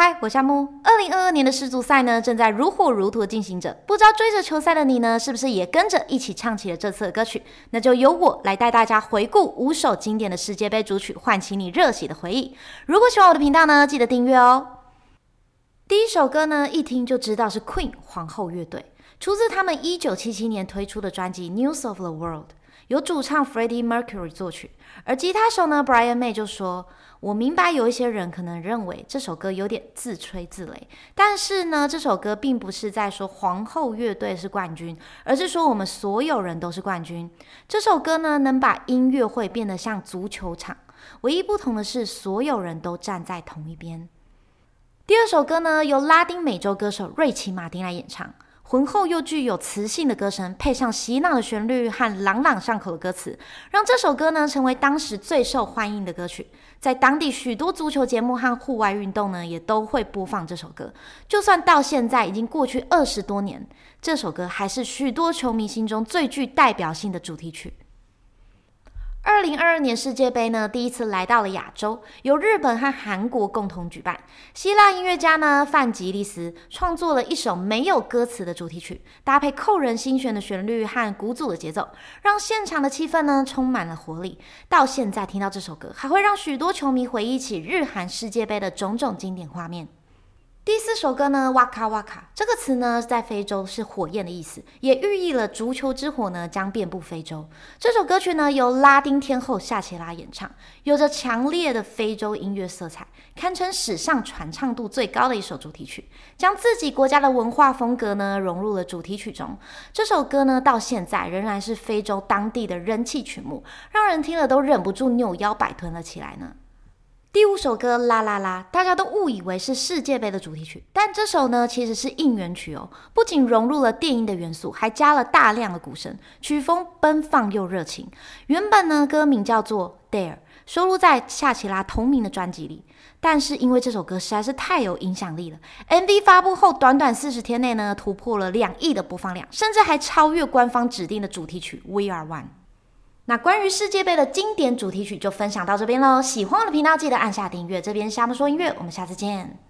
嗨，Hi, 我是夏慕。二零二二年的世足賽呢，正在如火如荼地進行着。不知道追着球賽的你呢，是不是也跟着一起唱起了這次的歌曲？那就由我來帶大家回顧五首經典的世界杯主題曲，喚起你熱血的回憶。如果喜歡我的頻道呢，記得訂閱哦。第一首歌呢，一聽就知道是 Queen 皇後樂隊，出自他們一九七七年推出的專輯《News of the World》。由主唱 Freddie Mercury 作曲，而吉他手呢，Brian May 就說：“我明白有一些人可能認為這首歌有點自吹自擂，但是呢，這首歌並不是在說皇後樂隊是冠軍，而是說我們所有人都是冠軍。這首歌呢，能把音樂會變得像足球場，唯一不同的是所有人都站在同一邊。”第二首歌呢，由拉丁美洲歌手瑞奇·馬丁來演唱。渾厚又具有磁性的歌聲，配上洗腦的旋律和朗朗上口的歌詞，讓這首歌呢，成為當時最受歡迎的歌曲。在當地許多足球節目和戶外運動呢，也都會播放這首歌。就算到現在已經過去二十多年，這首歌還是許多球迷心中最具代表性的主題曲。二零零二年世界盃呢，第一次來到了亞洲，由日本和韓國共同舉辦。希臘音樂家呢，范吉利斯創作了一首沒有歌詞的主題曲，搭配扣人心弦的旋律和鼓組的節奏，讓現場的氣氛呢，充滿了活力。到現在聽到這首歌，還會讓許多球迷回憶起日韓世界盃的種種經典畫面。第四首歌呢，哇卡哇卡這個詞呢，在非洲是火焰的意思，也寓意了足球之火呢將遍布非洲。這首歌曲呢，由拉丁天后夏奇拉演唱，有着強烈的非洲音樂色彩，堪稱史上傳唱度最高的一首主題曲，將自己國家的文化風格呢融入了主題曲中。這首歌呢，到現在仍然是非洲當地的人氣曲目，讓人聽了都忍不住扭腰擺臀了起來呢。第五首歌啦啦啦，La La La, 大家都誤以為是世界杯的主題曲，但這首呢其實是應援曲哦。不僅融入了電音的元素，還加了大量的鼓聲，曲風奔放又熱情。原本呢歌名叫做《Dare》收錄在夏奇拉同名的專輯裡，但是因為這首歌實在是太有影響力了，MV 發布後短短四十天內呢突破了兩億的播放量，甚至還超越官方指定的主題曲《We Are One》。那關於世界杯的經典主題曲就分享到這邊嘍。喜歡我的頻道，記得按下訂閱。這邊是夏慕說音樂，我們下次見。